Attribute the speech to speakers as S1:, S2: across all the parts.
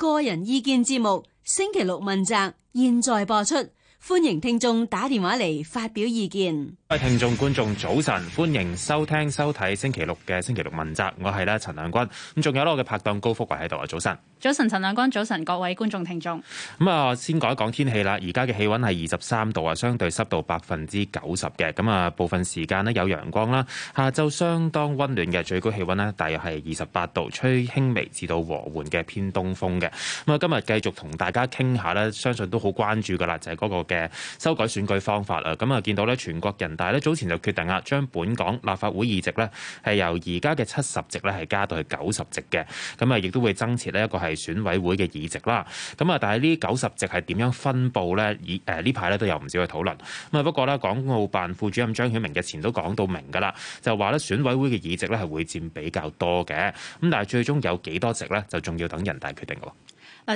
S1: 個人意見節目，星期六問責，現在播出。歡迎聽眾打電話嚟發表意見。各
S2: 位聽眾觀眾早晨，歡迎收聽收睇星期六嘅星期六問責。我係咧陳亮君，咁仲有我嘅拍檔高福偉喺度啊，早晨。
S1: 早晨，陳亮君，早晨，各位觀眾聽眾。
S2: 咁啊，先講一講天氣啦。而家嘅氣溫係二十三度啊，相對濕度百分之九十嘅。咁啊，部分時間咧有陽光啦，下晝相當溫暖嘅，最高氣溫咧大約係二十八度，吹輕微至到和緩嘅偏東風嘅。咁啊，今日繼續同大家傾下咧，相信都好關注噶啦，就係嗰個。嘅修改選舉方法啦，咁啊，見到咧全國人大咧早前就決定啦，將本港立法會議席咧係由而家嘅七十席咧係加到去九十席嘅，咁啊亦都會增設呢一個係選委會嘅議席啦。咁啊，但係呢九十席係點樣分佈咧？以誒呢排咧都有唔少嘅討論。咁啊不過咧，港澳辦副主任張曉明嘅前都講到明㗎喇，就話咧選委會嘅議席咧係會佔比較多嘅。咁但係最終有幾多席咧，就仲要等人大決定喎。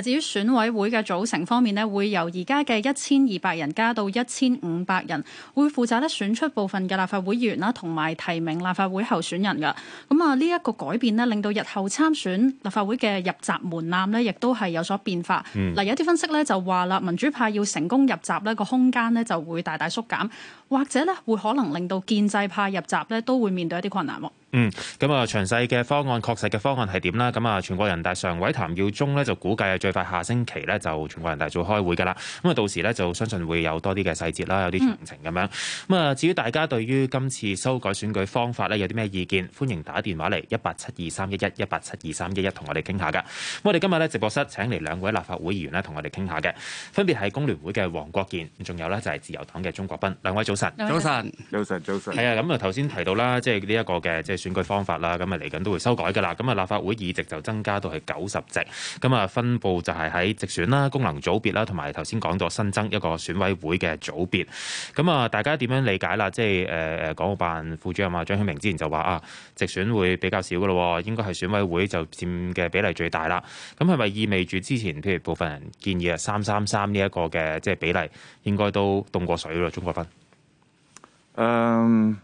S1: 至於選委會嘅組成方面咧，會由而家嘅一千二百人加到一千五百人，會負責咧選出部分嘅立法會議員啦，同埋提名立法會候選人嘅。咁啊，呢一個改變呢，令到日後參選立法會嘅入閘門檻呢，亦都係有所變化。嗱、嗯，有啲分析呢，就話啦，民主派要成功入閘呢個空間呢，就會大大縮減，或者呢，會可能令到建制派入閘呢，都會面對一啲困難喎。
S2: 嗯，咁啊，詳細嘅方案確實嘅方案係點啦？咁啊，全國人大常委譚耀宗呢，就估計係最快下星期呢，就全國人大做開會㗎啦。咁啊，到時呢，就相信會有多啲嘅細節啦，有啲詳情咁樣。咁、嗯、啊，至於大家對於今次修改選舉方法呢，有啲咩意見，歡迎打電話嚟一八七二三一一一八七二三一一同我哋傾下嘅。咁我哋今日呢，直播室請嚟兩位立法會議員呢，同我哋傾下嘅，分別係工聯會嘅黃國健，仲有呢，就係自由黨嘅鍾國斌。兩位早晨，早晨，
S3: 早晨，早晨。
S2: 係啊，咁啊頭先提到啦，即係呢一個嘅即係。選舉方法啦，咁啊嚟緊都會修改嘅啦。咁啊，立法會議席就增加到係九十席，咁啊分佈就係喺直選啦、功能組別啦，同埋頭先講到新增一個選委會嘅組別。咁啊，大家點樣理解啦？即係誒誒，港澳辦副主任啊張曉明之前就話啊，直選會比較少嘅咯，應該係選委會就佔嘅比例最大啦。咁係咪意味住之前譬如部分人建議啊三三三呢一個嘅即係比例，應該都凍過水
S4: 咯？鍾國斌。嗯、um...。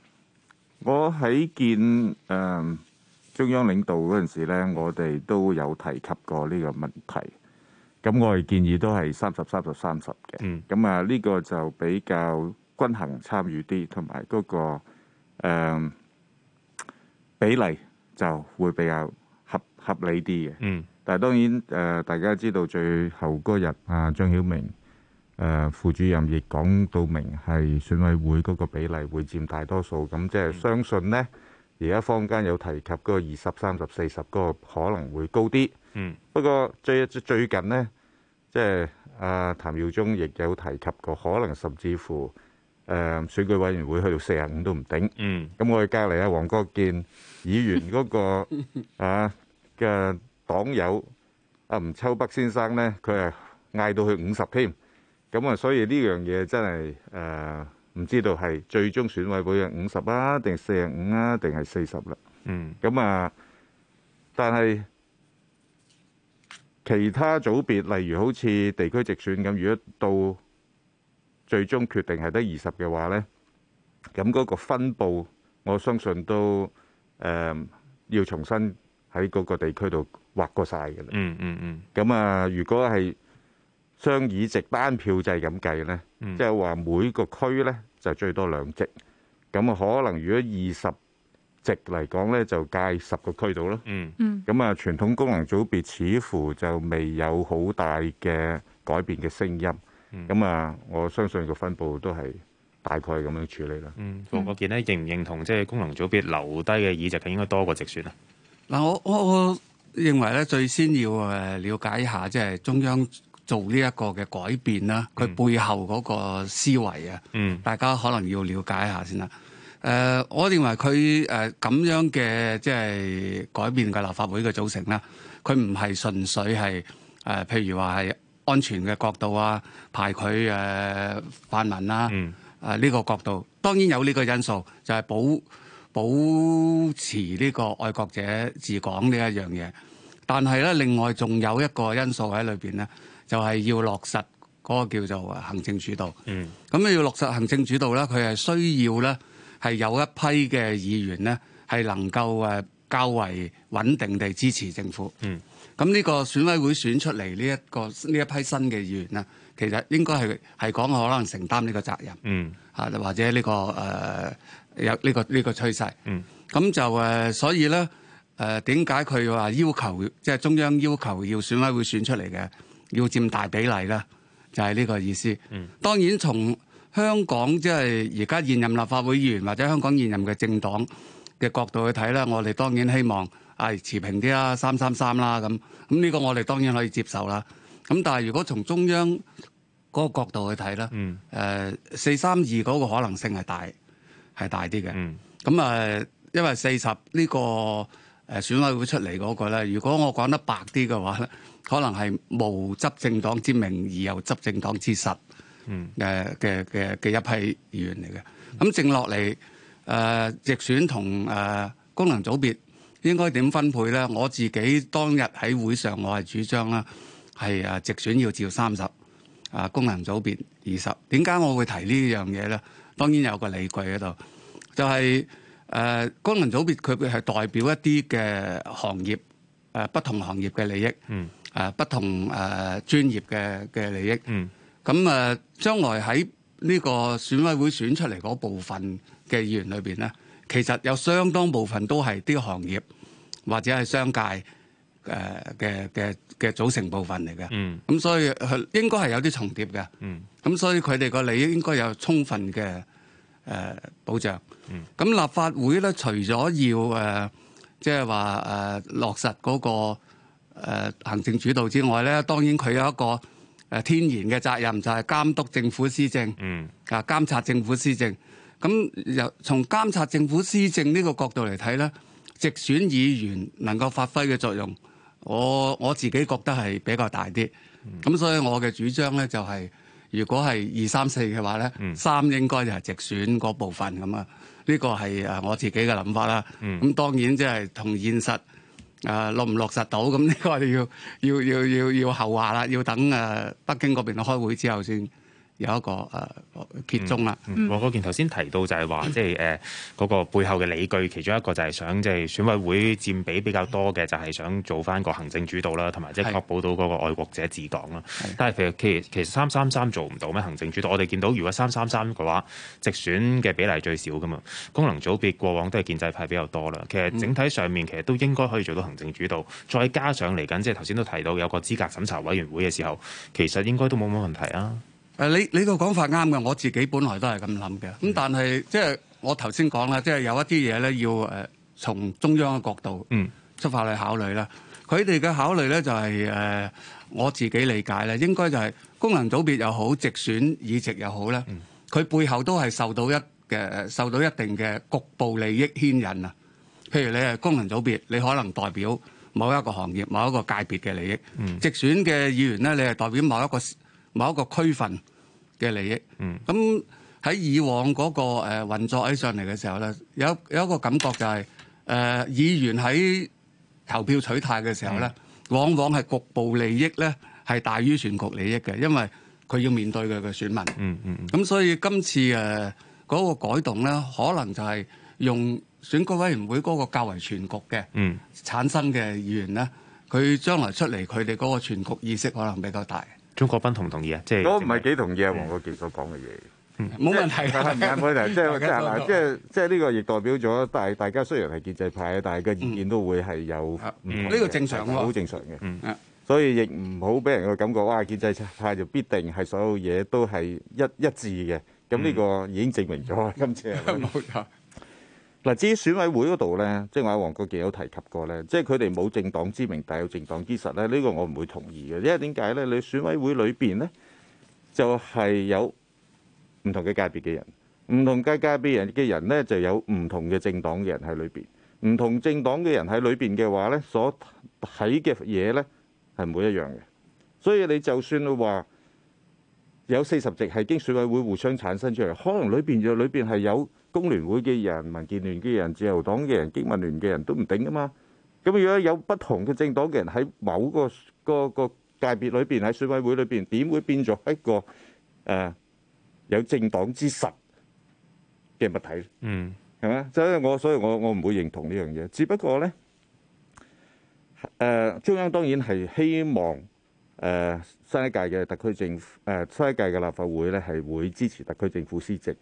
S4: 我喺見誒中央領導嗰陣時咧，我哋都有提及過呢個問題。咁我哋建議都係三十三十三十嘅。咁啊呢個就比較均衡參與啲，同埋嗰個誒、呃、比例就會比較合合理啲嘅。嗯。但係當然誒、呃，大家知道最後嗰日啊，張曉明。誒副主任亦講到明係選委會嗰個比例會佔大多數，咁即係相信咧，而家坊間有提及嗰個二十三十四十嗰個可能會高啲，嗯。不過最最近咧，即係阿譚耀宗亦有提及過，可能甚至乎誒選舉委員會去到四十五都唔定，嗯。咁我哋隔離阿黃國健議員嗰個啊嘅黨友阿吳秋北先生咧，佢係嗌到去五十添。咁啊，所以呢樣嘢真係誒，唔、呃、知道係最終選委會係五十啊，定四十五啊，定係四十啦。嗯。咁啊，但係其他組別，例如好似地區直選咁，如果到最終決定係得二十嘅話咧，咁嗰個分佈，我相信都誒、呃、要重新喺嗰個地區度劃過晒㗎喇。嗯嗯
S5: 嗯。
S4: 咁啊，如果係將議席單票制咁計咧，即係話每個區咧就最多兩席，咁啊可能如果二十席嚟講咧，就計十個區到咯。嗯，咁啊，傳統功能組別似乎就未有好大嘅改變嘅聲音。咁、嗯、啊，那我相信個分佈都係大概咁樣處理啦。
S2: 黃國健咧認唔認同即係功能組別留低嘅議席應該多過直選啊？
S3: 嗱，我我我認為咧，最先要誒了解一下，即係中央。做呢一個嘅改變啦，佢、嗯、背後嗰個思維啊、嗯，大家可能要了解一下先啦。誒、呃，我認為佢誒咁樣嘅即係改變嘅立法會嘅組成啦，佢唔係純粹係誒、呃，譬如話係安全嘅角度啊，排佢誒、呃、泛民啦、啊，誒、嗯、呢、呃呢個角度，當然有呢個因素，就係、是、保保持呢個愛國者治港呢一樣嘢。但係咧，另外仲有一個因素喺裏邊咧。就係、是、要落實嗰個叫做行政主導，咁你要落實行政主導咧，佢係需要咧係有一批嘅議員咧係能夠誒較為穩定地支持政府。咁呢個選委會選出嚟呢一個呢一批新嘅議員啊，其實應該係係講可能承擔呢個責任啊、嗯，或者呢、呢個誒有呢個呢、呢個趨勢。咁就誒，所以咧誒點解佢話要求即係中央要求要選委會選出嚟嘅要佔大比例啦，就係、是、呢個意思。當然從香港即係而家現任立法會議員或者香港現任嘅政黨嘅角度去睇咧，我哋當然希望係、哎、持平啲啦，三三三啦咁。咁呢個我哋當然可以接受啦。咁但係如果從中央嗰個角度去睇咧，誒四三二嗰個可能性係大係大啲嘅。咁、mm. 啊、嗯，因為四十呢個誒選委會出嚟嗰、那個咧，如果我講得白啲嘅話咧。可能係無執政黨之名而有執政黨之實嘅嘅嘅嘅一批議員嚟嘅。咁剩落嚟，誒、呃、直選同誒、呃、功能組別應該點分配咧？我自己當日喺會上，我係主張啦，係誒、呃、直選要照三十、呃，啊功能組別二十。點解我會提這呢樣嘢咧？當然有個理據喺度，就係、是、誒、呃、功能組別佢係代表一啲嘅行業，誒、呃、不同行業嘅利益。嗯誒、啊、不同誒、呃、專業嘅嘅利益，咁、嗯、誒、啊、將來喺呢個選委會選出嚟嗰部分嘅議員裏邊咧，其實有相當部分都係啲行業或者係商界誒嘅嘅嘅組成部分嚟嘅，咁、嗯、所以應該係有啲重疊嘅，咁、嗯、所以佢哋個利益應該有充分嘅誒、呃、保障。咁、嗯、立法會咧，除咗要誒，即係話誒落實嗰、那個。誒行政主導之外咧，當然佢有一個誒天然嘅責任，就係、是、監督政府施政，啊、mm. 監察政府施政。咁由從監察政府施政呢個角度嚟睇咧，直選議員能夠發揮嘅作用，我我自己覺得係比較大啲。咁、mm. 所以我嘅主張咧就係、是，如果係二三四嘅話咧，三、mm. 應該就係直選嗰部分咁啊。呢個係我自己嘅諗法啦。咁、mm. 當然即係同現實。誒、呃、落唔落實到，咁呢個，我哋要要要要要後話啦，要等誒、呃、北京嗰邊開會之後先。有一個誒、呃、揭盅啦。我
S2: 嗰件頭先提到就係話、嗯，即係誒嗰個背後嘅理據，其中一個就係想即係、就是、選委會佔比比較多嘅、嗯，就係、是、想做返個行政主導啦，同埋即係確保到嗰個愛國者治港啦。但係其實三三三做唔到咩行政主導？我哋見到如果三三三嘅話，直選嘅比例最少㗎嘛。功能組別過往都係建制派比較多啦。其實整體上面其實都應該可以做到行政主導，再加上嚟緊即係頭先都提到有個資格審查委員會嘅時候，其實應該都冇乜問題啊。
S3: 誒，你你個講法啱嘅，我自己本來都係咁諗嘅。咁但係即係我頭先講啦，即係有一啲嘢咧要誒從中央嘅角度出發去考慮啦。佢哋嘅考慮咧就係誒我自己理解咧，應該就係功能組別又好，直選議席又好咧，佢背後都係受到一嘅受到一定嘅局部利益牽引啊。譬如你係功能組別，你可能代表某一個行業、某一個界別嘅利益；直選嘅議員咧，你係代表某一個某一個區份嘅利益，咁喺以往嗰個誒運作起上嚟嘅時候咧，有有一個感覺就係誒議員喺投票取態嘅時候咧，往往係局部利益咧係大於全局利益嘅，因為佢要面對佢嘅選民。嗯嗯，咁所以今次誒嗰個改動咧，可能就係用選舉委員會嗰個較為全局嘅嗯產生嘅議員咧，佢將來出嚟佢哋嗰個全局意識可能比較大。
S4: 鍾國斌同唔同意啊？即係我唔係幾同意啊，黃國健所講嘅嘢。嗯，冇問、問題。即係即係即係即係呢個亦代表咗大大家雖然係建制派，但係個意見都會係有唔同。呢、嗯、個、嗯、正常喎，好正常嘅。嗯。所以亦唔好俾人個感覺，哇！建制派就必定係所有嘢都係一一致嘅。咁、嗯、呢個已經證明咗、嗯、今次。冇嗱，至於選委會嗰度咧，即係我喺黃國健有提及過咧，即係佢哋冇政黨之名，但有政黨之實咧。呢個我唔會同意嘅，因為點解咧？你選委會裏邊咧，就係有唔同嘅界別嘅人，唔同嘅界別人嘅人咧，就有唔同嘅政黨嘅人喺裏邊。唔同政黨嘅人喺裏邊嘅話咧，所睇嘅嘢咧係唔會一樣嘅。所以你就算你話有四十席係經選委會互相產生出嚟，可能裏邊嘅裏邊係有。工聯會嘅人、民建聯嘅人、自由黨嘅人、經民聯嘅人都唔定啊嘛！咁如果有不同嘅政黨嘅人喺某個個個界別裏邊，喺選委會裏邊，點會變咗一個誒有政黨之實嘅物體？嗯，係咪？所以我所以我我唔會認同呢樣嘢。只不過咧，誒中央當然係希望誒新一屆嘅特區政府，誒新一屆嘅立法會咧係會支持特區政府施政。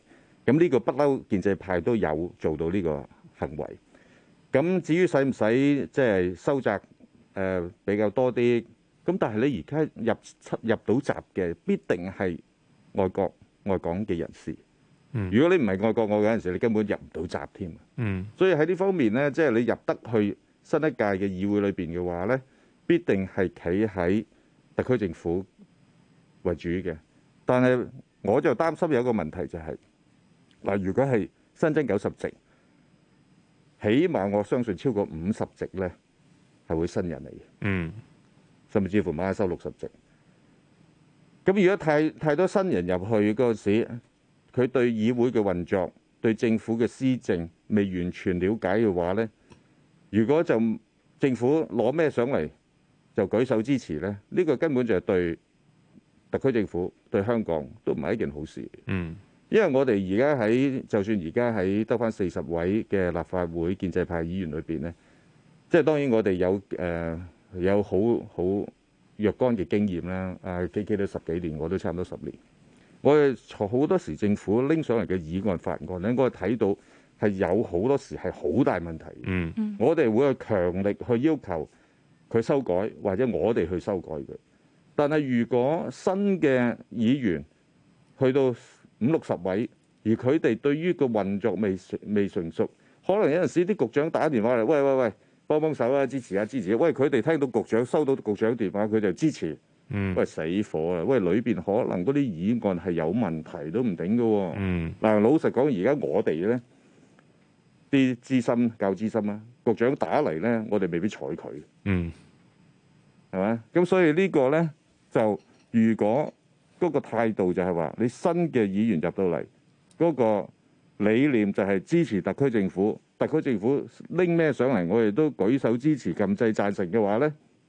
S4: 咁呢個不嬲，建制派都有做到呢個行為。咁至於使唔使即係收窄誒比較多啲？咁但係你而家入出入到閘嘅，必定係外，外、嗯、外國外港嘅人士。如果你唔係外國外港嘅人士，你根本入唔到閘添。嗯，所以喺呢方面咧，即、就、係、是、你入得去新一屆嘅議會裏邊嘅話咧，必定係企喺特區政府為主嘅。但係我就擔心有一個問題就係、是。嗱，如果係新增九十席，起碼我相信超過五十席咧，係會新人嚟嘅。嗯，甚至乎馬上收六十席。咁如果太太多新人入去嗰陣時，佢對議會嘅運作、對政府嘅施政未完全了解嘅話咧，如果就政府攞咩上嚟就舉手支持咧，呢、呢個根本就係對特區政府、對香港都唔係一件好事。嗯。因為我哋而家喺，就算而家喺得翻四十位嘅立法會建制派議員裏邊呢，即係當然我哋有誒、呃、有好好若干嘅經驗啦。啊，飛機都十幾年，我都差唔多十年。我哋好多時政府拎上嚟嘅議案法案，你應該睇到係有好多時係好大問題。嗯，我哋會去強力去要求佢修改，或者我哋去修改佢。但係如果新嘅議員去到，五六十位，而佢哋對於個運作未未成熟，可能有陣時啲局長打電話嚟，喂喂喂，幫幫手啊，支持啊，支持啊！喂，佢哋聽到局長收到局長電話，佢就支持。嗯，喂死火啦！喂，裏邊可能嗰啲議案係有問題都唔定㗎。嗯，嗱，老實講，而家我哋咧啲資深較資深啦，局長打嚟咧，我哋未必睬佢。嗯，係咪？咁所以呢個咧就如果。嗰個態度就係話你新嘅議員入到嚟嗰個理念就係支持特區政府，特區政府拎咩上嚟，我哋都舉手支持、禁制贊成嘅話咧，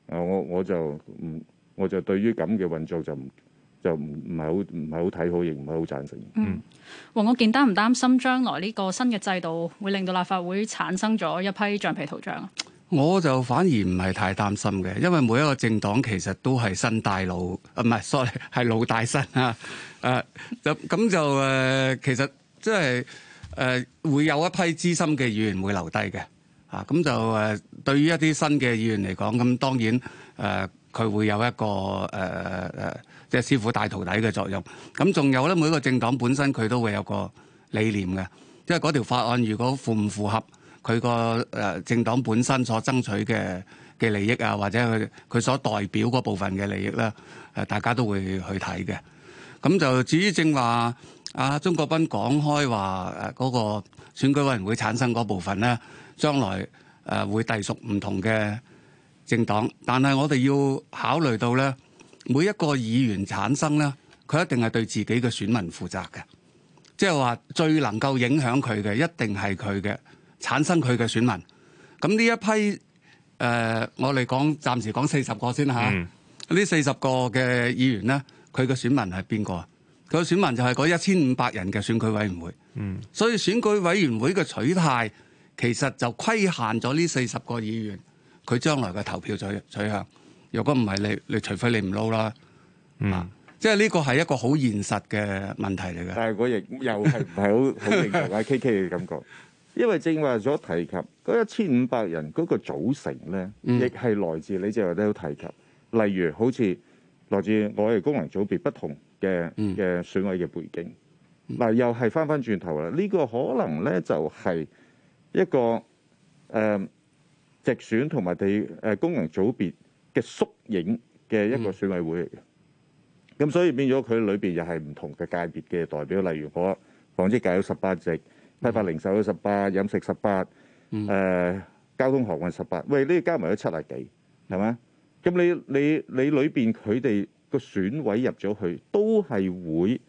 S4: 啊，我我就唔我就對於咁嘅運作就就唔唔係好唔係好睇好，亦唔係好贊成。嗯，
S1: 黃國健擔唔擔心將來呢個新嘅制度會令到立法會產生咗一批橡皮圖章？啊？
S3: 我就反而唔係太擔心嘅，因為每一個政黨其實都係新帶老，啊唔係，sorry，係老帶新啊。誒，咁咁就誒，其實即係誒會有一批資深嘅議員會留低嘅。啊，咁就誒、啊、對於一啲新嘅議員嚟講，咁當然誒佢、啊、會有一個誒誒即係師傅帶徒弟嘅作用。咁、啊、仲有咧，每一個政黨本身佢都會有個理念嘅，即係嗰條法案如果符唔符合佢個誒政黨本身所爭取嘅嘅利益啊，或者佢佢所代表嗰部分嘅利益咧，誒，大家都會去睇嘅。咁就至於正話阿鍾國斌講開話誒嗰個選舉委員會產生嗰部分咧，將來誒會隸屬唔同嘅政黨，但係我哋要考慮到咧，每一個議員產生咧，佢一定係對自己嘅選民負責嘅，即係話最能夠影響佢嘅一定係佢嘅。產生佢嘅選民，咁呢一批誒、呃，我哋講暫時講四十個先嚇，呢四十個嘅議員咧，佢嘅選民係邊個啊？佢嘅選民就係嗰一千五百人嘅選舉委員會，
S5: 嗯，
S3: 所以選舉委員會嘅取態，其實就規限咗呢四十個議員佢將來嘅投票取取向。若果唔係你，你除非你唔撈啦，啊，即係呢個係一個好現實嘅問題嚟嘅。但係我亦又係唔係好好認同阿 K K 嘅感覺。因為正
S4: 話所提及嗰一千五百人嗰個組成咧，亦係來自你正話都提及，例如好似來自我哋功能組別不同嘅嘅選委嘅背景，嗱又係翻翻轉頭啦，呢、這個可能咧就係一個誒、呃、直選同埋地誒功能組別嘅縮影嘅一個選委會嚟嘅，咁所以變咗佢裏邊又係唔同嘅界別嘅代表，例如我紡織界有十八席。批發零售嘅十八，飲食十八、呃，誒交通行運十八，喂呢個，加埋有七啊幾係嘛？咁你你你裏邊佢哋個選委入咗去都係會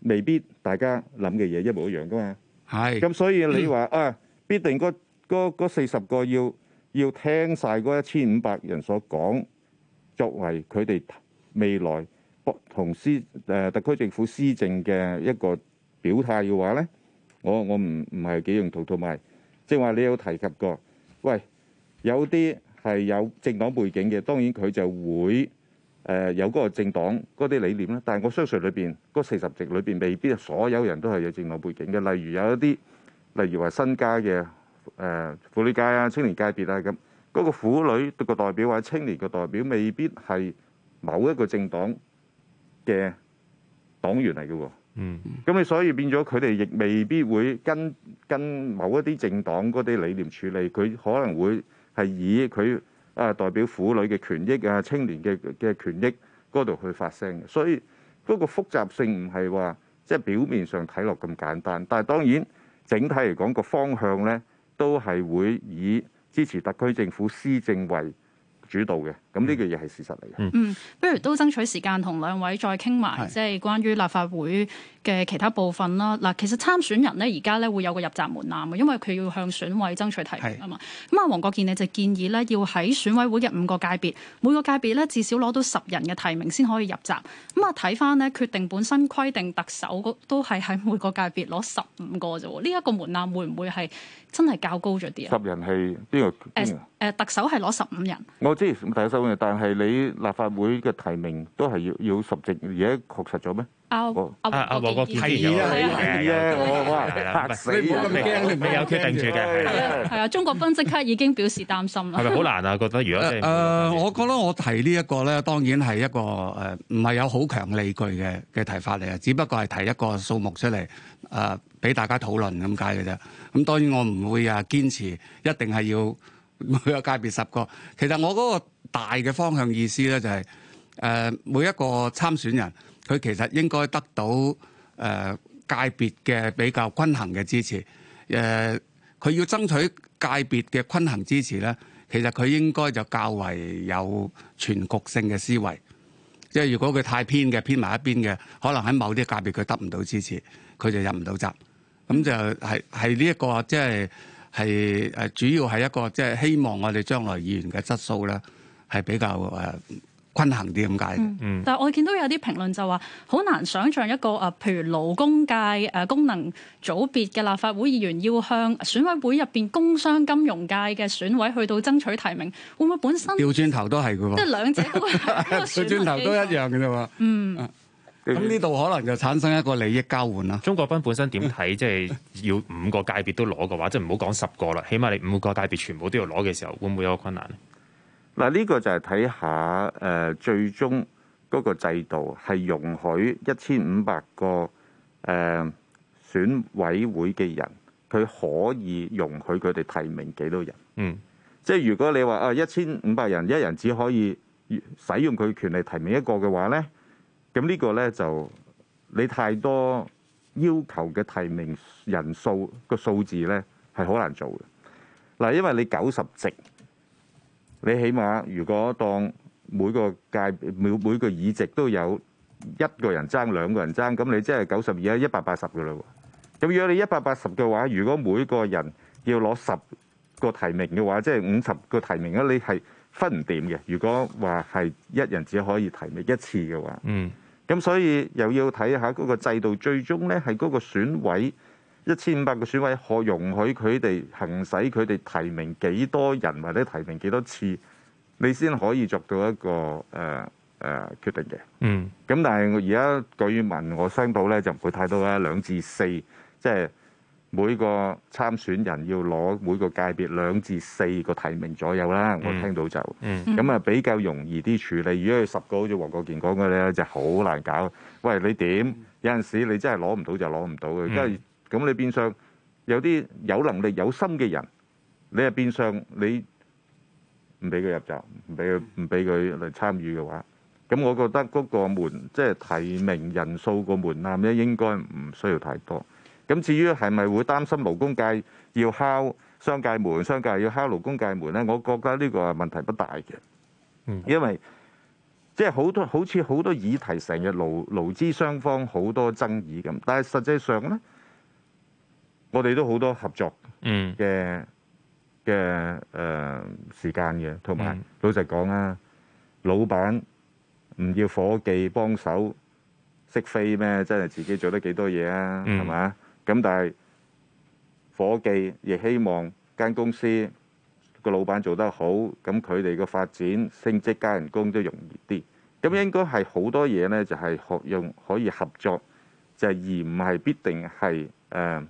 S4: 未必大家諗嘅嘢一模一樣噶嘛？係咁，所以你話啊，必定嗰嗰嗰四十個要要聽晒嗰一千五百人所講，作為佢哋未來同司誒、呃、特區政府施政嘅一個表態嘅話咧。我我唔唔係幾認同，同埋即係話你有提及過，喂，有啲係有政黨背景嘅，當然佢就會誒有嗰個政黨嗰啲理念啦。但係我相信裏邊嗰四十席裏邊未必所有人都係有政黨背景嘅，例如有一啲例如話新界嘅誒婦女界啊、青年界別啊咁，嗰個婦女個代表或者青年個代表未必係某一個政黨嘅黨員嚟嘅喎。嗯，咁你所以變咗佢哋亦未必會跟跟某一啲政黨嗰啲理念處理，佢可能會係以佢啊代表婦女嘅權益啊、青年嘅嘅權益嗰度去發聲，所以嗰個複雜性唔係話即係表面上睇落咁簡單，但係當然整體嚟講個方向咧都係會以支持特區政府施政為主導嘅。咁呢個嘢係事實嚟
S1: 嘅。嗯，不如都爭取時間同兩位再傾埋，即係關於立法會嘅其他部分啦。嗱，其實參選人呢，而家咧會有個入閘門檻嘅，因為佢要向選委爭取提名啊嘛。咁啊，黃國健咧就建議咧，要喺選委會嘅五個界別，每個界別咧至少攞到十人嘅提名先可以入閘。咁啊，睇翻呢決定本身規定，特首都係喺每個界別攞十五個啫。呢、這、一個門檻會唔會係真係較高咗啲啊？十
S4: 人係邊個？誒、
S1: 呃呃、特首係攞十五人。
S4: 我知但係你立法會嘅提名都係要要實證，而家確實咗
S1: 咩？阿阿阿黃國健
S4: 提議嘅，係啊，白、啊啊啊啊啊啊啊、死、啊，你冇咁驚，你未有決定住
S1: 嘅，係啊，鍾國斌即刻已經表示擔心啦。係咪好
S3: 難啊？覺得如果誒、呃，我覺得我提呢、這、一個咧，當然係一個誒，唔、呃、係有好強理據嘅嘅提法嚟，只不過係提一個數目出嚟，誒、呃，俾大家討論咁解嘅啫。咁當然我唔會啊，堅持一定係要。每個界別十個，其實我嗰個大嘅方向意思咧就係、是，誒、呃、每一個參選人佢其實應該得到誒、呃、界別嘅比較均衡嘅支持。誒、呃、佢要爭取界別嘅均衡支持咧，其實佢應該就較為有全局性嘅思維。即係如果佢太偏嘅，偏埋一邊嘅，可能喺某啲界別佢得唔到支持，佢就入唔到閘。咁就係係呢一個即係。就是係誒主要係一個即係、就是、希望我哋將來議員嘅質素咧係比較誒均衡啲咁解。嗯，
S1: 但係我見到有啲評論就話好難想像一個誒，譬如勞工界誒功能組別嘅立法會議員要向選委會入邊工商金融界嘅選委去到爭取提名，會唔會本身掉
S3: 轉頭都係嘅？即係兩
S1: 者掉轉頭都一
S3: 樣嘅啫嘛。嗯。咁呢度可能就產生一個利益交換啦。鍾國斌本
S2: 身點睇？即係要五個界別都攞嘅話，即係唔好講十個啦，起碼你五個界別全部都要攞嘅時候，會唔會有個困難呢？
S4: 嗱，呢個就係睇下最終嗰個制度係容許一千五百個、呃、選委會嘅人，佢可以容許佢哋提名幾多人？嗯，即係如果你話啊一千五百人，一人只可以使用佢權利提名一個嘅話呢。咁呢個咧就你太多要求嘅提名人數個數字咧係好難做嘅。嗱，因為你九十席，你起碼如果當每個界每每個議席都有一個人爭，兩個人爭，咁你即係九十二、啊一百八十嘅嘞。咁如果你一百八十嘅話，如果每個人要攞十個提名嘅話，即係五十個提名咧，你係分唔掂嘅。如果話係一人只可以提名一次嘅話，嗯。咁所以又要睇下嗰個制度最，最終咧係嗰個選委一千五百個選委可容許佢哋行使佢哋提名幾多人或者提名幾多次，你先可以做到一個誒誒、呃呃、決定嘅。嗯。咁但係我而家據聞我聽到咧就唔會太多啦，兩至四，即係。每個參選人要攞每個界別兩至四個提名左右啦，我聽到就咁啊，比較容易啲處理。如果佢十個，好似黃國健講嘅咧，就好難搞。喂，你點？有陣時你真係攞唔到就攞唔到嘅。咁你變相有啲有能力、有心嘅人，你啊，變相你唔俾佢入閘，唔俾佢唔俾佢嚟參與嘅話，咁我覺得嗰個門即係提名人數個門檻咧，應該唔需要太多。咁至於係咪會擔心勞工界要敲商界門，商界要敲勞工界門咧？我覺得呢個係問題不大嘅，因為即係好多好似好多議題，成日勞勞資雙方好多爭議咁。但係實際上咧，我哋都好多合作嘅嘅誒時間嘅，同埋老實講啦，老闆唔要伙計幫手識飛咩？真係自己做得幾多嘢啊？係嘛？咁但係伙計亦希望間公司個老闆做得好，咁佢哋個發展升職加人工都容易啲。咁應該係好多嘢咧，就係學用可以合作，就係而唔係必定係誒。呃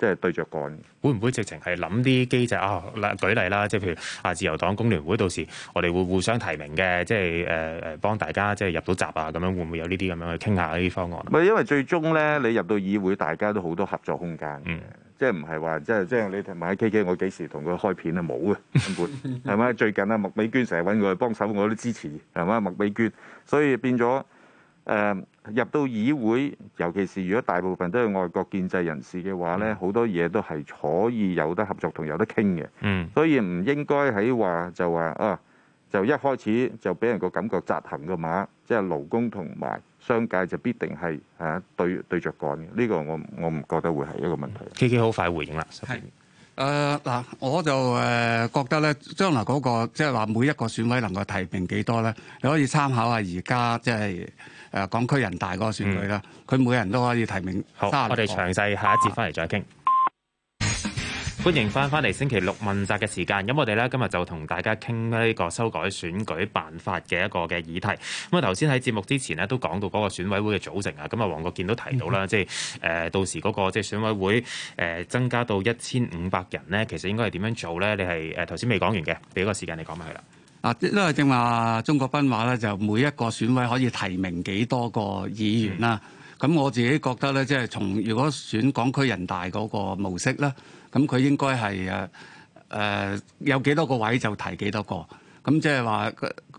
S4: 即係對着幹，
S2: 會唔會直情係諗啲機制啊？嗱，舉例啦，即係譬如啊，自由黨工聯會到時，我哋會互相提名嘅，即係誒誒，幫大家即係入到閘啊，咁樣會唔會有呢啲咁樣去傾下呢啲方案？
S4: 唔係，因為最終咧，你入到議會，大家都好多合作空間嘅，即係唔係話即係即係你同埋喺 K K，我幾時同佢開片啊？冇嘅根本係咪？最近啊，麥美娟成日揾我去幫手，我都支持係咪？麥美娟，所以變咗。誒入到議會，尤其是如果大部分都係外國建制人士嘅話咧，好多嘢都係可以有得合作同有得傾嘅。嗯，所以唔應該喺話就話啊，就一開始就俾人個感覺扎行嘅馬，即係勞工同埋商界就必定係係對對著幹嘅。呢個我我唔覺得會係一個問題。K K 好快回應啦。
S3: 係誒嗱，我就誒覺得咧，將來嗰個即係話每一個選委能夠提名幾多咧，你可以參考下而家即係。就是誒港區人大嗰個選舉啦，佢、嗯、每人都可以提名。好，我哋詳細
S2: 下一節翻嚟再傾，啊。歡迎翻翻嚟星期六問責嘅時間。咁我哋咧今日就同大家傾呢個修改選舉辦法嘅一個嘅議題。咁啊頭先喺節目之前咧都講到嗰個選委會嘅組成啊。咁啊黃國健都提到啦，嗯，即係誒到時嗰個即係選委會誒、呃、增加到一千五百人咧，其實應該係點樣做咧？你係誒頭先未講完嘅，俾個時間你講埋佢啦。
S3: 啊，因為正話鍾國斌話咧，就每一個選委可以提名幾多個議員啦。咁、嗯、我自己覺得咧，即係從如果選港區人大嗰個模式咧，咁佢應該係誒誒有幾多個位就提幾多個。咁即係話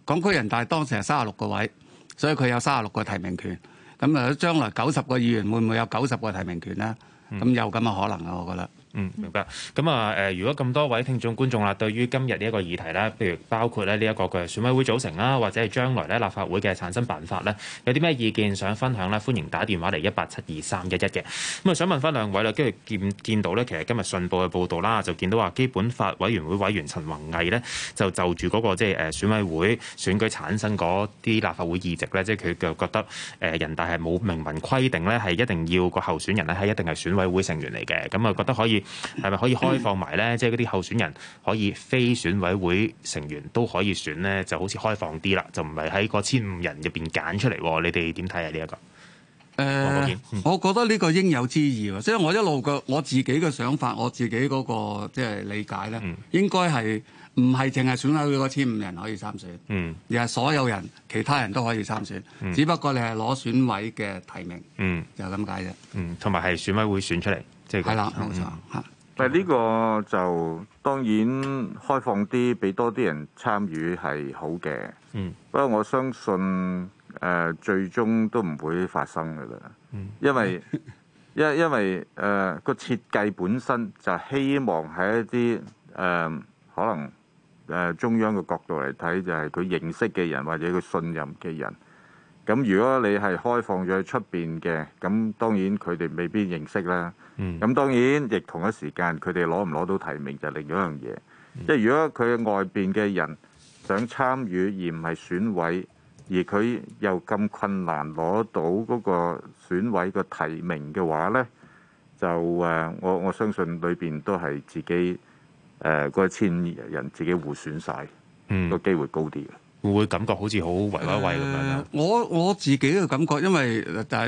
S3: 港區人大當時係三十六個位，所以佢有三十六個提名權。咁如果將來九十個議員會唔會有九十個提名權咧？咁、嗯、有咁嘅可能啊，我覺得。嗯，明白。咁啊，誒、呃，如果咁多位聽眾觀眾啦，對
S2: 於今日呢一個議題咧，譬如包括咧呢一個嘅選委會組成啦，或者係將來咧立法會嘅產生辦法咧，有啲咩意見想分享咧？歡迎打電話嚟一八七二三一一嘅。咁啊，想問翻兩位啦，跟住見見，見到咧，其實今日信報嘅報道啦，就見到話基本法委員會委員陳宏毅咧，就就住嗰、嗰個即係誒選委會選舉產生嗰啲立法會議席咧，即係佢就覺得誒人大係冇明文規定咧，係一定要個候選人咧，係一定係選委會成員嚟嘅，咁啊覺得可以。係 咪可以開放埋呢？即係嗰啲候選人可以非選委會成員都可以選呢，就好似開放啲啦，就唔係喺個千五人入邊揀出嚟。你哋點睇啊？呢、這、一個？
S3: 誒、呃嗯，我覺得呢個應有之義啊！即係我一路嘅我自己嘅想法，我自己嗰、那個即係、就是、理解呢，嗯、應該係唔係淨係選喺嗰千五人可以參選，嗯，而係所有人其他人都可以參選、嗯，只不過你係攞選委嘅提名，嗯，就係咁解啫，嗯，
S4: 同埋係選委會選出嚟。係啦，冇、嗯、錯嚇。但係呢個就當然開放啲，俾多啲人參與係好嘅。嗯，不過我相信誒、呃、最終都唔會發生㗎啦。因為因、嗯、因為誒個、呃、設計本身就希望喺一啲誒、呃、可能誒中央嘅角度嚟睇，就係佢認識嘅人或者佢信任嘅人。咁如果你係開放咗喺出邊嘅，咁當然佢哋未必認識啦。咁、嗯、當然，亦同一時間，佢哋攞唔攞到提名就另一樣嘢。即、嗯、係如果佢外邊嘅人想參與而唔係選委，而佢又咁困難攞到嗰個選委嘅提名嘅話呢，就誒，我我相信裏邊都係自己誒嗰一千人自己互選晒，個、嗯、機會高啲。會唔會感覺好似好維維維
S3: 咁樣。我我自己嘅感覺，因為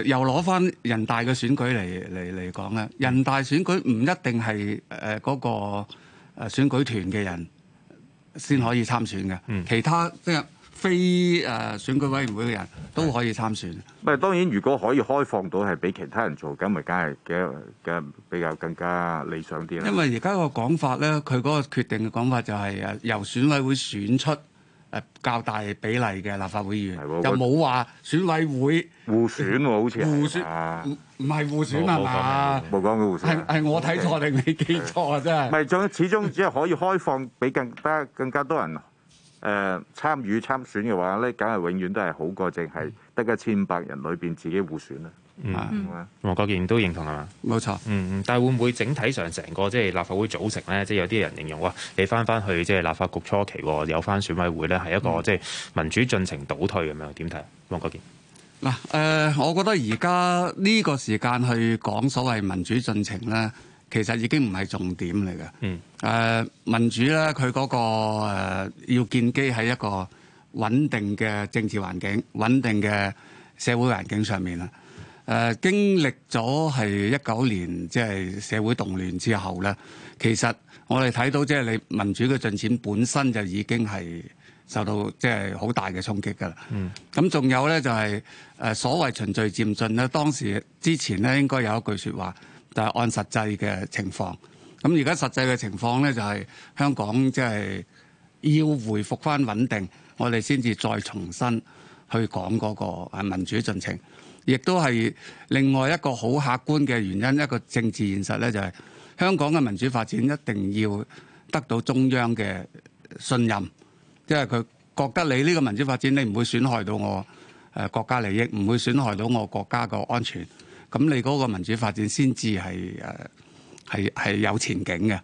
S3: 又攞翻人大嘅選舉嚟嚟嚟講咧。人大選舉唔一定係誒嗰個誒選舉團嘅人先可以參選嘅，嗯，其他即係非誒、呃、選舉委員會嘅人都可以參選。唔、嗯、
S4: 係，當然如果可以開放到係俾其他人做，咁咪梗係嘅嘅比較更加理想啲啦。因為而
S3: 家個講法咧，佢嗰個決定嘅講法就係、是、誒由選委會選出。誒較大比例嘅立法會議員，又冇話選委會互選喎，好似係唔唔係互選，係
S4: 冇講過互選，係、啊、我睇錯
S3: 定？、okay. 你記錯啊？真係
S4: 仲始終只係可以開放俾更更加多人誒、 呃、參與參選嘅話咧，梗係永遠都係好過淨係得一千五百人裏面自己互選啦。
S5: 嗯，
S2: 嗯，黃國健都認同係嘛？冇錯，嗯嗯，但係會唔會整體上成個即係立法會組成咧？即係有啲人形容哇，你翻翻去即係立法局初期有翻選委會咧，係一個、嗯、即係民主進程倒退咁樣，點睇啊？黃國健
S3: 嗱，誒、呃，我覺得而家呢個時間去講所謂民主進程咧，其實已經唔係重點嚟嘅。嗯，誒、呃，民主咧，佢嗰、那個誒、呃、要建基喺一個穩定嘅政治環境、穩定嘅社會環境上面誒、呃、經歷咗係一九年即係、就是、社會動亂之後咧，其實我哋睇到即係你民主嘅進展本身就已經係受到即係好大嘅衝擊噶啦。嗯。咁仲有咧就係、是、誒所謂循序漸進咧，當時之前咧應該有一句說話，就係、是、按實際嘅情況，咁而家實際嘅情況咧就係香港即係要回復翻穩定，我哋先至再重新去講嗰個誒民主進程。亦都係另外一個好客觀嘅原因，一個政治現實咧，就係香港嘅民主發展一定要得到中央嘅信任，因為佢覺得你呢個民主發展，你唔會損害到我誒國家利益，唔會損害到我國家嘅安全，咁你嗰個民主發展先至係誒係係有前景嘅。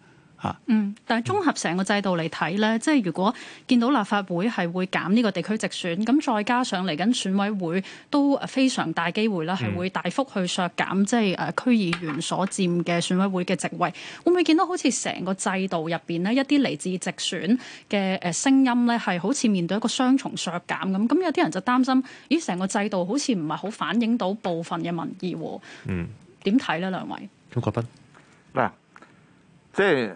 S1: 嗯，但係綜合成個制度嚟睇咧，即係如果見到立法會係會減呢個地區直選，咁再加上嚟緊選委會都非常大機會啦，係會大幅去削減，即係誒區議員所佔嘅選委會嘅席位，會唔會見到好似成個制度入邊呢？一啲嚟自直選嘅誒聲音咧，係好似面對一個雙重削減咁？咁有啲人就擔心，咦，成個制度好似唔係好反映到部分嘅民意。嗯，點睇呢？兩位？
S4: 鍾國斌嗱，即係。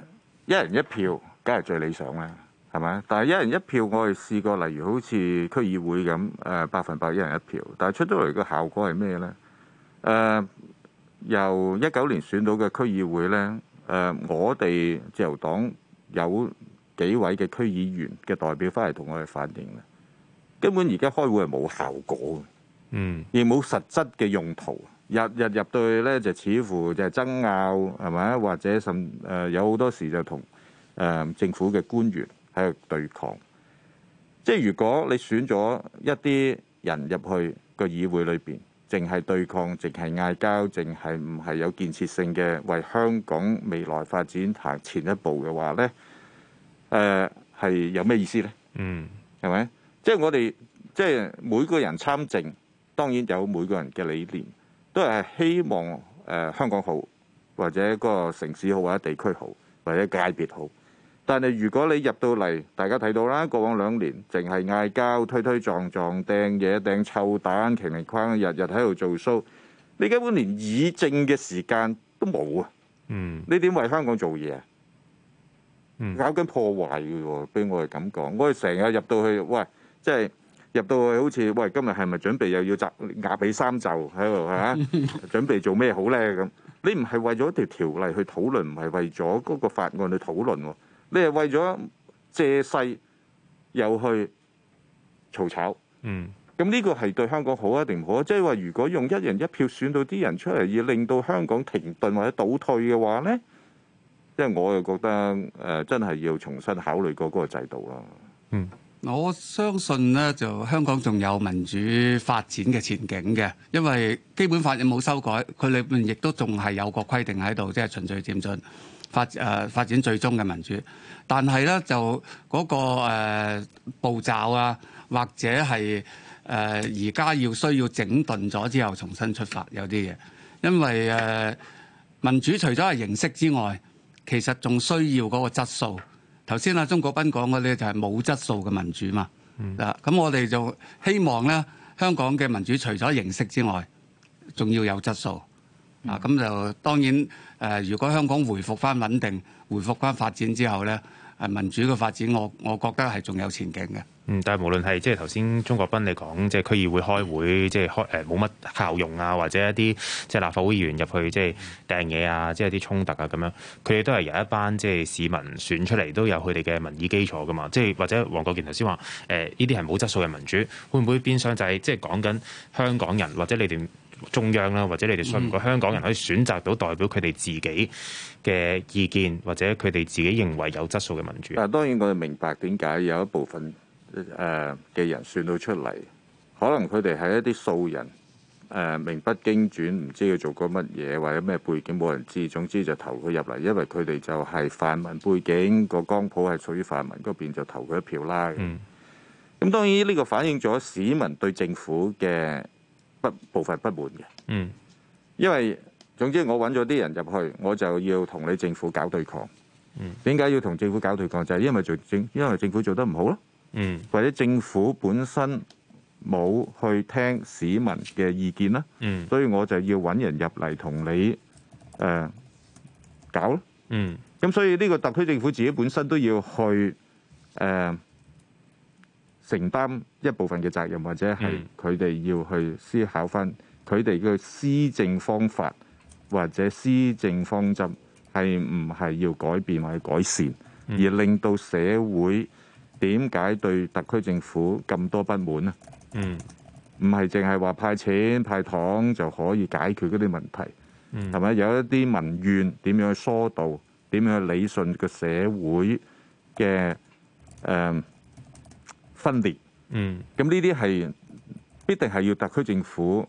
S4: 一人一票，梗係最理想啦，係咪？但係一人一票，我哋試過，例如好似區議會咁，誒百分百一人一票，但係出到嚟嘅效果係咩呢？誒、呃，由一九年選到嘅區議會呢，誒、呃，我哋自由黨有幾位嘅區議員嘅代表翻嚟同我哋反映啦，根本而家開會係冇效果，嗯，而冇實質嘅用途。日日入到去咧，就似乎就係爭拗，係咪？或者甚誒、呃、有好多時就同誒、呃、政府嘅官員喺度對抗。即係如果你選咗一啲人入去個議會裏邊，淨係對抗，淨係嗌交，淨係唔係有建設性嘅為香港未來發展行前一步嘅話咧，誒、呃、係有咩意思咧？嗯，係咪？即係我哋即係每個人參政，當然有每個人嘅理念。都係希望誒香港好，或者個城市好，或者地區好，或者界別好。但係如果你入到嚟，大家睇到啦，過往兩年淨係嗌交、推推撞撞、掟嘢、掟臭蛋、擎泥框，日日喺度做騷，你根本連議政嘅時間都冇啊！嗯，你點為香港做嘢啊？嗯，搞緊破壞嘅喎，俾我哋咁講，我哋成日入到去，喂，即係。入到去好似，喂，今日係咪準備又要集牙俾三袖喺度吓？ 準備做咩好咧？咁你唔係為咗一條條例去討論，唔係為咗嗰個法案去討論，你係為咗借勢又去嘈吵。嗯，咁呢個係對香港好啊定唔好啊？即係話如果用一人一票選到啲人出嚟，要令到香港停頓或者倒退嘅話咧，即係我又覺得誒、呃、真係要重新考慮過嗰個制度咯。嗯。
S3: 我相信呢，就香港仲有民主發展嘅前景嘅，因為基本法亦冇修改，佢裏面亦都仲係有一個規定喺度，即係循序漸進發誒發展最終嘅民主。但係呢，就嗰個誒步驟啊，或者係誒而家要需要整頓咗之後重新出發有啲嘢，因為誒民主除咗係形式之外，其實仲需要嗰個質素。頭先阿鍾國斌講嘅咧就係冇質素嘅民主嘛，嗱、嗯，咁我哋就希望咧，香港嘅民主除咗形式之外，仲要有質素，啊、嗯，咁就當然誒、呃，如果香港回復翻穩定，回復翻發展之後咧。啊！民主嘅發展，我我覺得係仲有前景嘅。嗯，
S2: 但係無論係即係頭先，鍾國斌你講即係區議會開會，即係開誒冇乜效用啊，或者一啲即係立法會議員入去即係掟嘢啊，即一啲衝突啊咁樣，佢哋都係由一班即係市民選出嚟，都有佢哋嘅民意基礎噶嘛。即係或者黃國健頭先話誒，呢啲係冇質素嘅民主，會唔會變相就係、是、即係講緊香港人或者你哋？中央啦，或者你哋信唔過香港人可以選擇到代表佢哋
S4: 自己嘅意見，或者佢哋自己認為有質素嘅民主。啊，當然我哋明白點解有一部分誒嘅人算到出嚟，可能佢哋係一啲素人，誒名不經傳，唔知佢做過乜嘢，或者咩背景冇人知道。總之就投佢入嚟，因為佢哋就係泛民背景，個光譜係屬於泛民嗰邊，就投佢一票啦。咁、嗯、當然呢個反映咗市民對政府嘅。不部分不滿嘅，嗯，因為總之我揾咗啲人入去，我就要同你政府搞對抗，嗯，點解要同政府搞對抗？就係、是、因為做政，因為政府做得唔好咯，
S5: 嗯，
S4: 或者政府本身冇去聽市民嘅意見啦，嗯，所以我就要揾人入嚟同你誒、呃、搞咯，
S5: 嗯，
S4: 咁所以呢個特區政府自己本身都要去誒，呃承擔一部分嘅責任，或者係佢哋要去思考翻佢哋嘅施政方法或者施政方針係唔係要改變或者改善，而令到社會點解對特區政府咁多不滿啊？嗯，唔係淨係話派錢派糖就可以解決嗰啲問題，嗯，係咪有一啲民怨點樣去疏導點樣去理順個社會嘅誒。嗯分裂，嗯，咁呢啲係必定係要特區政府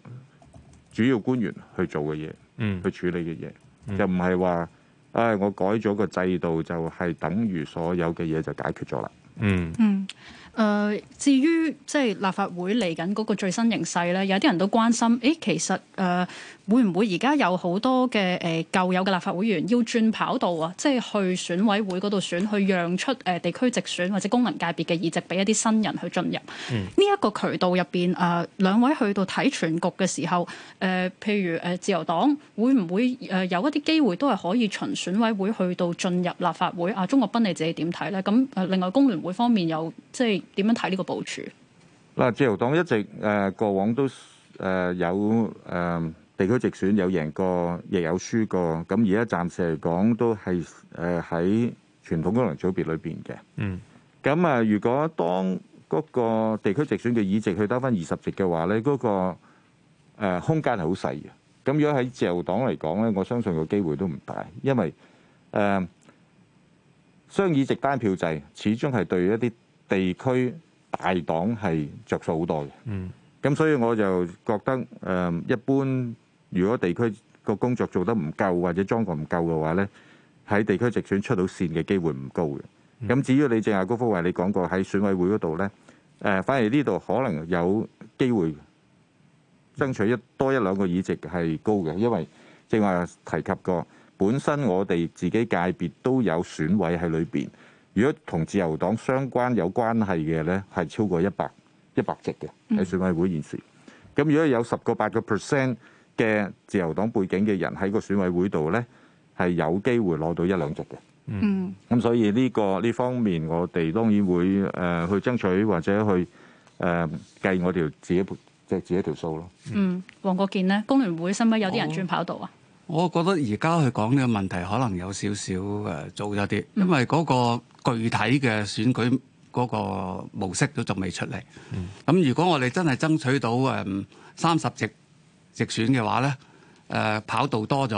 S4: 主要官員去做嘅嘢，嗯，去處理嘅嘢，又唔係話，唉，我改咗個制度就係等於所有嘅嘢就解決咗啦，
S1: 嗯。嗯誒、呃，至於即係立法會嚟緊嗰個最新形勢咧，有啲人都關心，誒，其實誒、呃、會唔會而家有好多嘅誒舊有嘅立法會員要轉跑道啊？即係去選委會嗰度選，去讓出誒、呃、地區直選或者功能界別嘅議席俾一啲新人去進入。呢、嗯、一、這個渠道入邊，誒、呃，兩位去到睇全局嘅時候，誒、呃，譬如誒、呃、自由黨會唔會誒、呃、有一啲機會都係可以循選委會去到進入立法會？阿、啊、鍾國斌你自己點睇咧？咁誒、呃，另外工聯會方面有即係。點樣睇呢個部署？
S4: 嗱，自由黨一直誒、呃、過往都誒、呃、有誒、呃、地區直選有贏過，亦有輸過。咁而家暫時嚟講，都係誒喺傳統功能組別裏邊嘅。嗯。咁啊，如果當嗰個地區直選嘅議席去得翻二十席嘅話咧，嗰、嗰個誒、呃、空間係好細嘅。咁如果喺自由黨嚟講咧，我相信個機會都唔大，因為誒雙、呃、議席單票制始終係對一啲。地區大黨係着數好多嘅，咁、嗯、所以我就覺得誒、呃，一般如果地區個工作做得唔夠或者裝潢唔夠嘅話，呢喺地區直選出到線嘅機會唔高嘅。咁、嗯、至於你正話高福華你講過喺選委會嗰度呢，誒、呃、反而呢度可能有機會爭取一多一兩個議席係高嘅，因為正話提及過本身我哋自己界別都有選委喺裏邊。如果同自由黨相關有關係嘅咧，係超過一百一百席嘅喺選委會現時。咁如果有十個八個 percent 嘅自由黨背景嘅人喺個選委會度咧，係有機會攞到一兩席嘅。嗯。咁所以呢、呢個呢方面，我哋當然會誒去爭取或者去誒、呃、計我條自己即係自己
S3: 條數咯。嗯，
S1: 黃國健呢，工聯會係咪有啲人轉跑道啊？哦
S3: 我覺得而家去講呢個問題，可能有少少誒早咗啲，因為嗰個具體嘅選舉嗰個模式都仲未出嚟。咁如果我哋真係爭取到誒三十席直選嘅話呢，誒跑道多咗，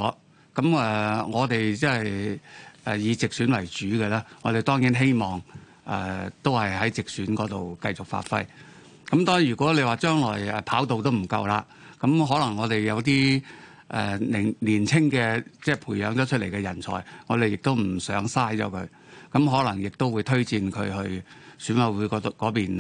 S3: 咁誒我哋即係誒以直選為主嘅咧，我哋當然希望誒都係喺直選嗰度繼續發揮。咁當然如果你話將來誒跑道都唔夠啦，咁可能我哋有啲。誒，年年青嘅即係培養咗出嚟嘅人才，我哋亦都唔想嘥咗佢，咁可能亦都會推薦佢去選委會嗰度嗰邊誒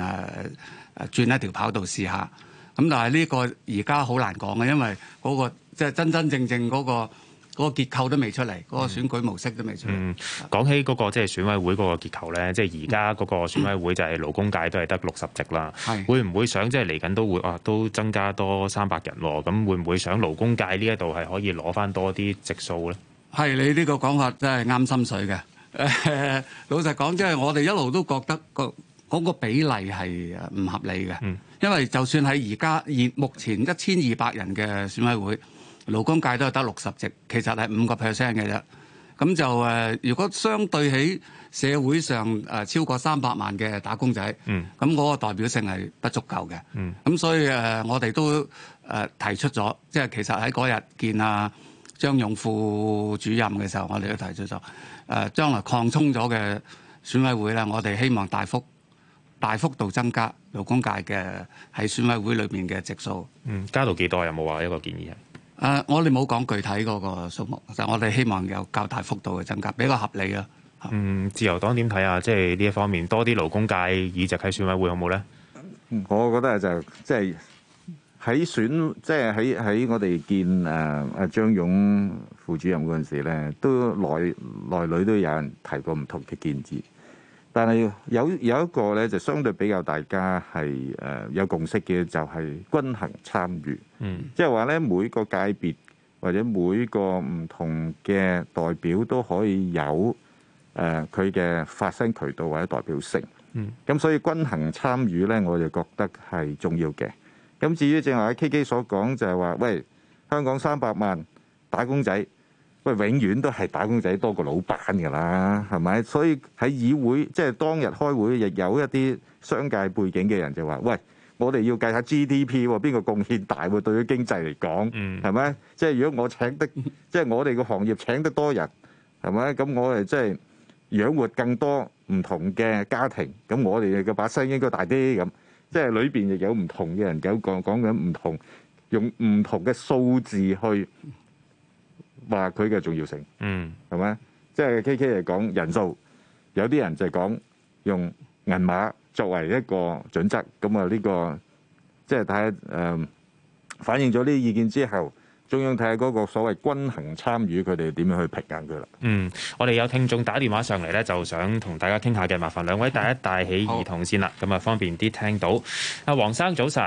S3: 誒轉一條跑道試下，咁但係呢個而家好難講嘅，因為嗰個即係真真正正嗰個。個結構都未出嚟，嗰個選舉模式都未出嚟、嗯。嗯，
S2: 講起嗰個即係選委會嗰個結構咧，即係而家嗰個選委會就係勞工界都係得六十席啦。係會唔會想即係嚟緊都會啊？都增加多三百人喎。咁會唔會想勞工界呢一度係可以攞翻多啲席數咧？
S3: 係你呢個講法真係啱心水嘅。誒， 老實講，即係我哋一路都覺得個嗰個比例係唔合理嘅、嗯。因為就算喺而家而目前一千二百人嘅選委會。勞工界都係得六十席，其實係五個 percent 嘅啫。咁就誒，如果相對起社會上誒、呃、超過三百萬嘅打工仔，咁、嗯、嗰個代表性係不足夠嘅。咁、嗯、所以誒、呃，我哋都誒、呃、提出咗，即係其實喺嗰日見啊張勇副主任嘅時候，我哋都提出咗誒、呃，將來擴充咗嘅選委會呢，我哋希望大幅大幅度增加勞工界嘅喺選委會裏面嘅席數。嗯，加到幾多，有冇話一個建議啊？誒，我哋冇講具體嗰個數目，就係我哋希望有較大幅度嘅增加，比較合理啦。
S2: 嗯，自由黨點睇啊？即係呢一方面多啲
S4: 勞工界議席喺選委會有冇咧？我覺得就即係喺選，即係喺喺我哋見誒誒張勇副主任嗰陣時咧，都內內裏都有人提過唔同嘅建議。但係有有一個咧，就相對比較大家係誒有共識嘅，就係均衡參與。嗯，即係話咧，每個界別或者每個唔同嘅代表都可以有誒佢嘅發聲渠道或者代表性。嗯，咁所以均衡參與咧，我就覺得係重要嘅。咁至於正話阿 KK 所講就係話，喂，香港三百萬打工仔。喂，永遠都係打工仔多過老闆噶啦，係咪？所以喺議會，即係當日開會，亦有一啲商界背景嘅人就話，喂，我哋要計下 GDP 喎，邊個貢獻大喎，對於經濟嚟講，係咪？嗯、即係如果我請得，即係我哋個行業請得多人，係咪？咁我哋即係養活更多唔同嘅家庭，咁我哋嘅把聲應該大啲。咁即係裏邊亦有唔同嘅人，有講講緊唔同，用唔同嘅數字去。話佢嘅重要性，嗯，係咪？即係 K K 係講人數，有啲人就係講用銀碼作為一個準則，咁啊呢個即係睇誒反映咗呢啲意見之後，中央睇下嗰個所謂均衡參與，佢哋點樣去評價佢啦？嗯，
S2: 我哋有聽眾打電話上嚟咧，就想同大家傾下嘅，麻煩兩位帶一帶起耳筒先啦，咁啊方便啲聽到。阿黃生早晨，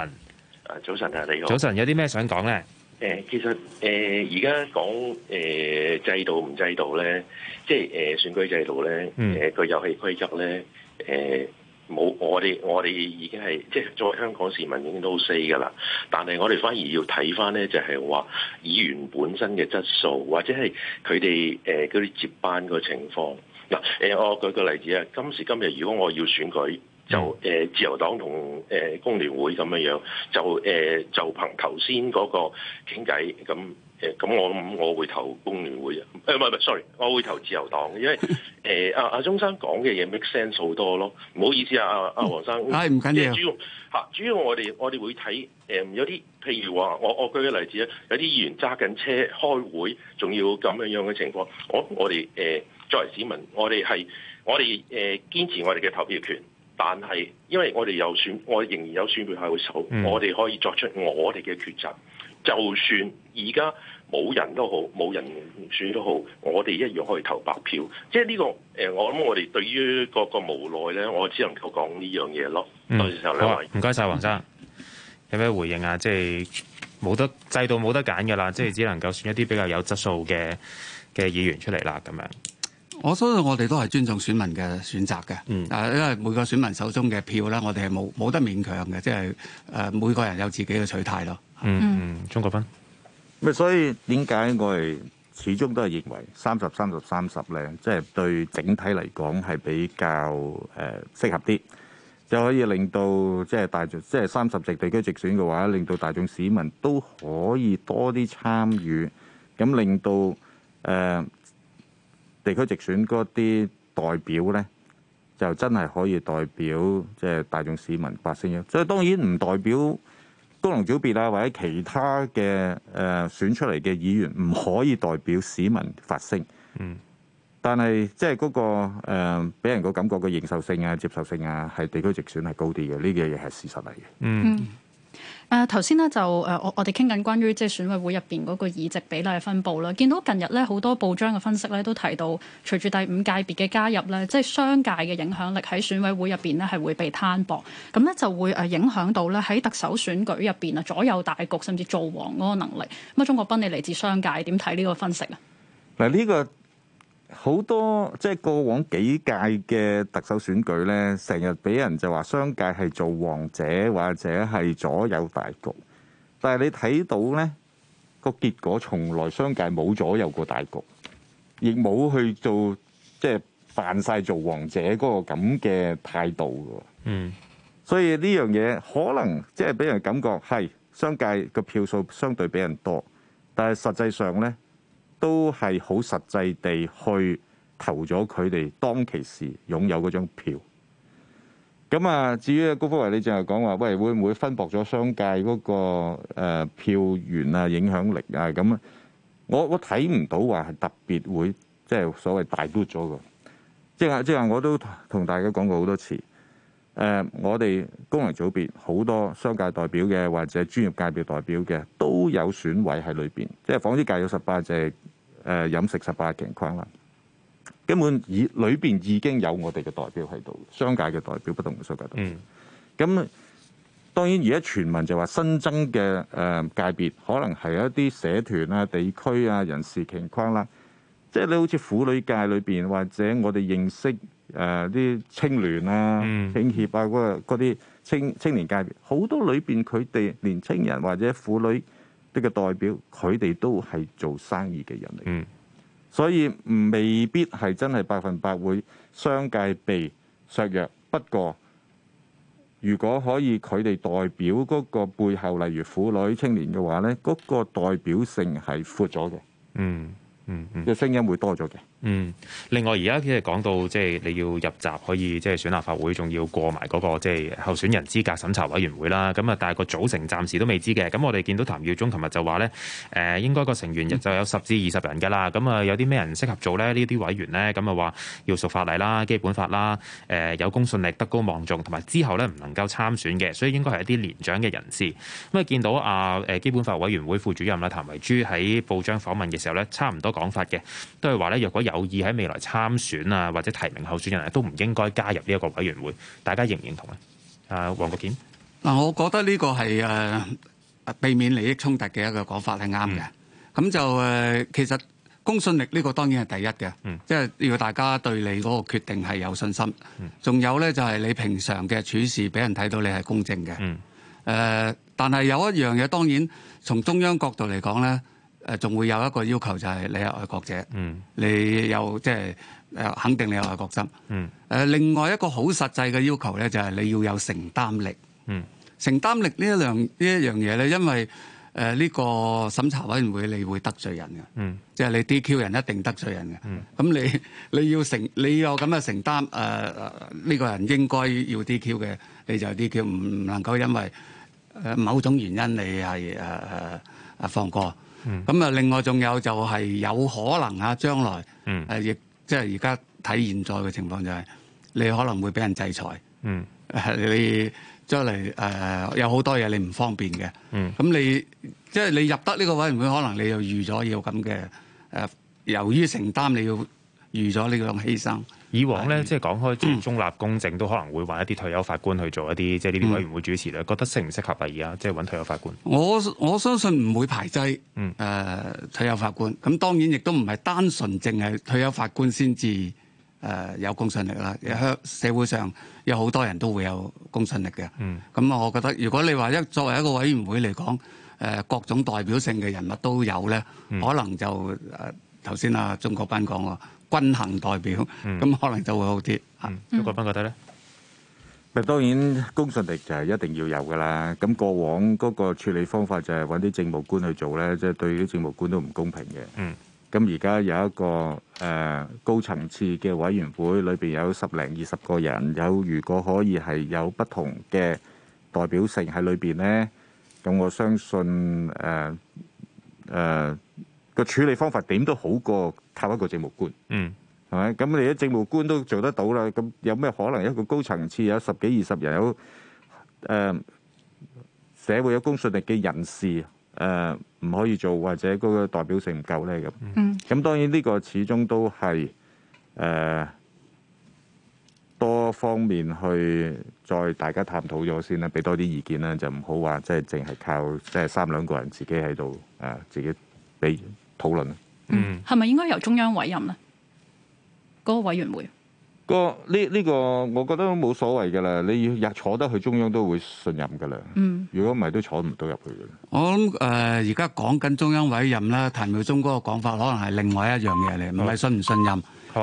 S2: 啊
S6: 早晨啊你早
S2: 晨，有啲咩想講咧？
S6: 誒，其實誒，而家講誒制度唔制度咧，即係誒、呃、選舉制度咧，誒、呃、個遊戲規則咧，誒、呃、冇我哋我哋已經係即係作為香港市民已經都 OK 㗎啦，但係我哋反而要睇返咧，就係、是、話議員本身嘅質素，或者係佢哋誒嗰啲接班個情況。嗱、呃，誒、呃、我舉個例子啊，今時今日如果我要選舉。就誒、呃、自由黨同誒、呃、工聯會咁樣樣，就誒、呃、就憑頭先嗰個傾偈咁誒，咁、呃、我我會投工聯會啊，誒、呃、唔係唔係，sorry，我會投自由黨，因為誒阿阿鐘生講嘅嘢 make sense 好多咯，唔好意思啊阿黃、啊、生，係、哎、唔緊要，主要、啊、主要我哋我哋會睇誒、呃、有啲譬如話我我舉個例子有啲議員揸緊車開會，仲要咁樣樣嘅情況，我我哋誒、呃、作為市民，我哋係我哋、呃、堅持我哋嘅投票權。但係，因為我哋有選，我仍然有選票喺度手，嗯、我哋可以作出我哋嘅抉擇。就算而家冇人都好，冇人選都好，我哋一樣可以投白票。即係呢個誒、呃，我諗我哋對於個個無奈咧，我只能夠講、嗯、呢樣嘢咯。多謝
S2: 兩位。好啊，唔該晒。黃生，有咩回應啊？即係冇得制度冇得揀㗎啦，即係只能夠選一啲比較有質素嘅嘅議員出嚟啦，咁樣。
S3: 我相信我哋都係尊重選民嘅選擇嘅，但、嗯、係因為每個選民手中嘅票咧，我哋係冇冇得勉強嘅，即係誒每個人有自己嘅取態咯。嗯，
S4: 鍾、嗯、國斌，咪所以點解我哋始終都係認為三十、三十、三十咧，即係對整體嚟講係比較誒、呃、適合啲，就可以令到即係、就是、大眾，即係三十席地區直選嘅話，令到大眾市民都可以多啲參與，咁令到誒。呃地區直選嗰啲代表咧，就真係可以代表即係大眾市民發聲，所以當然唔代表功能組別啊或者其他嘅誒選出嚟嘅議員唔可以代表市民發聲，嗯，但係即係嗰個誒俾、呃、人個感覺嘅認受性啊、接受性啊，係地區直選係高啲嘅，呢啲嘢係事實嚟嘅，嗯。
S1: 誒頭先咧就誒、呃、我我哋傾緊關於即係選委會入邊嗰個議席比例嘅分佈啦，見到近日咧好多報章嘅分析咧都提到，隨住第五界別嘅加入咧，即係商界嘅影響力喺選委會入邊咧係會被攤薄，咁咧就會誒影響到咧喺特首選舉入邊啊左右大局甚至造黃造王嗰個能力。咁啊，鍾國斌你嚟自商界，點睇呢個分析啊？嗱、
S4: 這、呢個。好多即係過往幾屆嘅特首選舉咧，成日俾人就話商界係做王者或者係左右大局，但係你睇到咧個結果，從來商界冇左右過大局，亦冇去做即係扮曬做王者嗰個咁嘅態度嘅。嗯，所以呢樣嘢可能即係俾人感覺係商界嘅票數相對比人多，但係實際上咧，都係好實際地去投咗佢哋當其時擁有嗰張票。咁啊，至於高福華，你淨係講話，喂，會唔會分薄咗商界嗰、那個、呃、票源啊、影響力啊咁啊？我我睇唔到話係特別會即係、就是、所謂大 good 咗嘅。即係即係我都同大家講過好多次。誒、呃，我哋功能組別好多商界代表嘅，或者專業界別代表嘅，都有選委喺裏邊。即係紡織界有十八隻、就是。誒，飲食十八情框啦，根本已裏邊已經有我哋嘅代表喺度，商界嘅代表，不動產界代咁、嗯、當然而家傳聞就話新增嘅誒界別，可能係一啲社團啊、地區啊、人士情框啦。即係你好似婦女界裏邊，或者我哋認識誒啲青聯啊、青、嗯、協啊嗰啲青青年界別，好多裏邊佢哋年青人或者婦女。啲個代表，佢哋都係做生意嘅人嚟、嗯，所以未必係真係百分百會商界被削弱。不過，如果可以佢哋代表嗰個背後，例如婦女青年嘅話呢嗰、嗰個代表性係闊咗嘅，嗯嗯嗯，嘅、嗯、聲音會多咗嘅。
S2: 嗯，另外而家佢哋講到即係、就是、你要入閘可以即係、就是、選立法會，仲要過埋、那、嗰個即係、就是、候選人資格審查委員會啦。咁啊，但係個組成暫時都未知嘅。咁我哋見到譚耀宗琴日就話呢，誒、呃、應該個成員就有十至二十人㗎啦。咁啊，有啲咩人適合做呢？呢啲委員呢，咁啊話要熟法例啦、基本法啦、呃、有公信力、德高望重，同埋之後呢唔能夠參選嘅，所以應該係一啲年長嘅人士。咁啊，見到啊基本法委員會副主任啦譚惠珠喺報章訪問嘅時候呢，差唔多講法嘅，都係話呢，若果有意喺未來參選啊，或者提名候選人啊，都唔應該加入呢一個委員會。
S3: 大家認唔認同咧？啊，黃國健，嗱，我覺得呢個係誒、呃、避免利益衝突嘅一個講法係啱嘅。咁、嗯、就誒、呃，其實公信力呢個當然係第一嘅、嗯，即係要大家對你嗰個決定係有信心。仲、嗯、有呢，就係、是、你平常嘅處事俾人睇到你係公正嘅。誒、嗯呃，但係有一樣嘢，當然從中央角度嚟講呢。誒，仲會有一個要求就係、是、你係愛國者，嗯，你有即係誒，肯定你有愛國心，嗯。誒，另外一個好實際嘅要求咧，就係、是、你要有承擔力，嗯，承擔力呢一量呢一樣嘢咧，因為誒呢、呃這個審查委員會你會得罪人嘅，嗯，即、就、係、是、你 D.Q. 人一定得罪人嘅，咁、嗯、你你要承你要咁嘅，承擔誒呢、呃這個人應該要 D.Q. 嘅，你就 D.Q. 唔能夠因為誒某種原因你係誒誒啊放過。咁、嗯、啊，另外仲有就係有可能啊，將來誒亦、嗯呃、即係而家睇現在嘅情況就係，你可能會俾人制裁，係、嗯呃、你將嚟誒、呃、有好多嘢你唔方便嘅。咁、嗯、你即係你入得呢個委員會，可能你又預咗要咁嘅誒，由於承擔你要預咗呢個犧牲。以往咧，即係講開中立公正，嗯、都可能會揾
S2: 一啲退休法官去做一啲即係呢啲委員會主持咧、嗯。覺得適唔適合啊？而家即係揾退休法官，
S3: 我我相信唔會排擠誒、嗯呃、退休法官。咁當然亦都唔係單純淨係退休法官先至誒有公信力啦。因、嗯、社會上有好多人都會有公信力嘅。咁、嗯、我覺得，如果你話一作為一個委員會嚟講，誒、呃、各種代表性嘅人物都有咧，可能就頭先阿鍾國斌講。均衡代表，咁可能就會好啲。鍾國斌覺得咧，
S4: 咁當然公信力就係一定要有噶啦。咁過往嗰個處理方法就係揾啲政務官去做咧，即係對啲政務官都唔公平嘅。咁而家有一個誒高層次嘅委員會，裏邊有十零二十個人，有如果可以係有不同嘅代表性喺裏邊咧，咁我相信誒誒。個處理方法點都好過靠一個政務官，嗯，係咪？咁你啲政務官都做得到啦，咁有咩可能一個高層次有十幾二十人有誒社會有公信力嘅人士誒唔可以做，或者嗰個代表性唔夠咧？咁，咁當然呢個始終都係誒多方面去再大家探討咗先啦，俾多啲意見啦，就唔好話即係淨係靠即係三兩個人自己喺度誒自己俾。討論，嗯，
S1: 係咪應該由中央委任呢？嗰、那個委員會，
S4: 個呢呢個，這個，我覺得冇所謂噶啦，你要坐得去中央都會信任噶啦。嗯，如果唔係都坐唔到入去嘅。我
S3: 諗誒，而家講緊中央委任啦，譚耀宗嗰個講法，可能係另外一樣嘢嚟，唔係信唔信任。